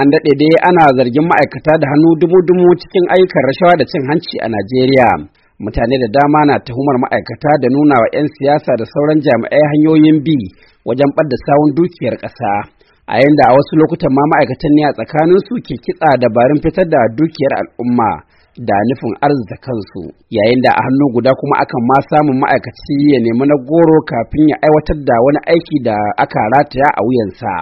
an daɗe dai ana zargin ma'aikata da hannu dubu-dubu cikin ayyukan rashawa da cin hanci a Najeriya. Mutane da dama na tuhumar ma'aikata da nuna wa 'yan siyasa da sauran jami'ai hanyoyin bi wajen ɓadda sawun dukiyar ƙasa. A yanda a wasu lokutan ma ma'aikatan ne a tsakanin su ke kitsa dabarun fitar da dukiyar al'umma da nufin arzika kansu, yayin da a hannu guda kuma akan ma samun ma'aikaci ya nemi na goro kafin ya aiwatar da wani aiki da aka rataya a wuyansa.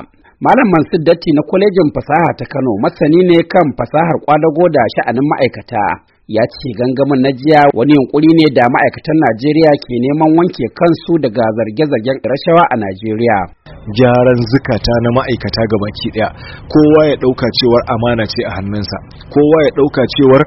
Malam Mansur Datti na kwalejin fasaha ta Kano masani ne kan fasahar kwadago da sha'anin ma'aikata. Ya ce gangamin na jiya wani yunkuri ne da ma'aikatan Najeriya ke neman wanke kansu daga zarge-zargen rashawa a Najeriya. gyaran zukata na ma'aikata ga baki daya kowa ya dauka cewar amana ce a hannunsa kowa ya dauka cewar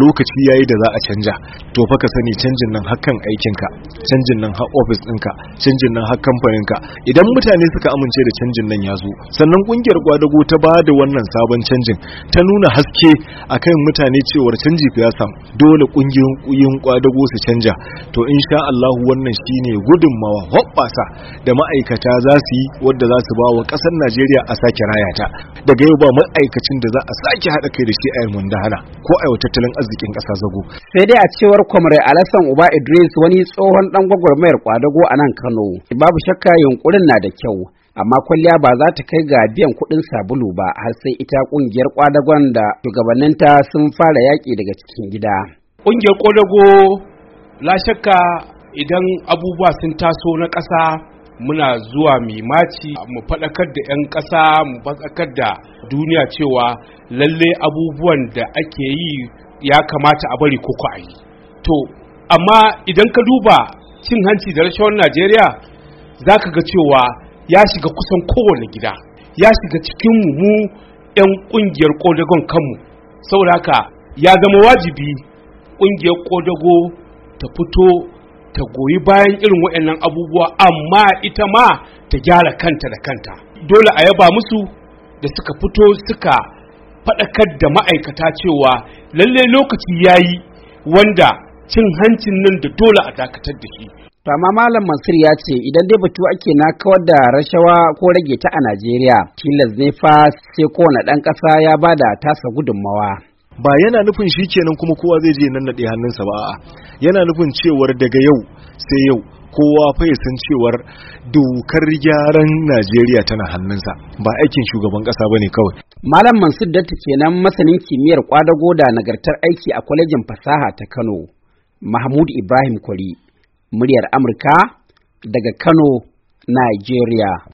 lokaci yayi da za a canja to fa ka sani canjin nan hakan aikinka canjin nan har office ɗinka canjin nan har kamfaninka idan mutane suka amince da canjin nan ya zo sannan kungiyar kwadago ta ba da wannan sabon canjin ta nuna haske akan mutane cewar canji fi yasa dole kungiyoyin kwadago su canja to insha Allah wannan shine gudunmawa hoppasa da ma'aikata za su tallafi wadda za su ba wa ƙasar Najeriya a sake raya ta daga yau ba ma'aikacin da za a sake haɗa kai da shi a yammun dahana ko a yau tattalin arzikin ƙasa zago. Sai dai a cewar kwamare Alassan Uba Idris wani tsohon ɗan gwagwarmayar kwadago a nan Kano babu shakka yunkurin na da kyau. amma kwalliya ba za ta kai ga biyan kuɗin sabulu ba har sai ita ƙungiyar kwadagon da shugabanninta sun fara yaƙi daga cikin gida. Ƙungiyar kwadago la shakka idan abubuwa sun taso na ƙasa muna zuwa mai maci mu faɗakar da 'yan ƙasa mu faɗakar da duniya cewa lalle abubuwan da ake yi ya kamata a bari koko a yi to amma idan ka duba cin hanci da rashawar najeriya za ka ga cewa ya shiga kusan kowane gida ya shiga cikin mu 'yan ƙungiyar ƙodagon kanmu saboda haka ya zama wajibi ƙungiyar ƙodago ta fito ta goyi bayan irin waɗannan abubuwa amma ita ma ta gyara kanta da kanta dole a yaba musu da suka fito suka faɗakar da ma'aikata cewa lalle lokaci ya yi wanda cin hancin nan da dole a dakatar da shi to malam mansur ya ce idan dai batu ake na kawar da rashawa ko rage ta a najeriya tilas ne fa sai kowane ɗan ƙasa ya bada tasa gudunmawa ba yana nufin shi kenan kuma kowa zai je nan naɗe hannunsa ba a yana nufin cewar daga yau sai yau kowa fa ya san cewar dokar gyaran Najeriya tana hannunsa ba aikin shugaban kasa bane kawai Malam Mansur Datta kenan masanin kimiyyar kwadago da nagartar aiki a kwalejin fasaha ta Kano Mahmud Ibrahim Kwari muryar Amurka daga Kano Najeriya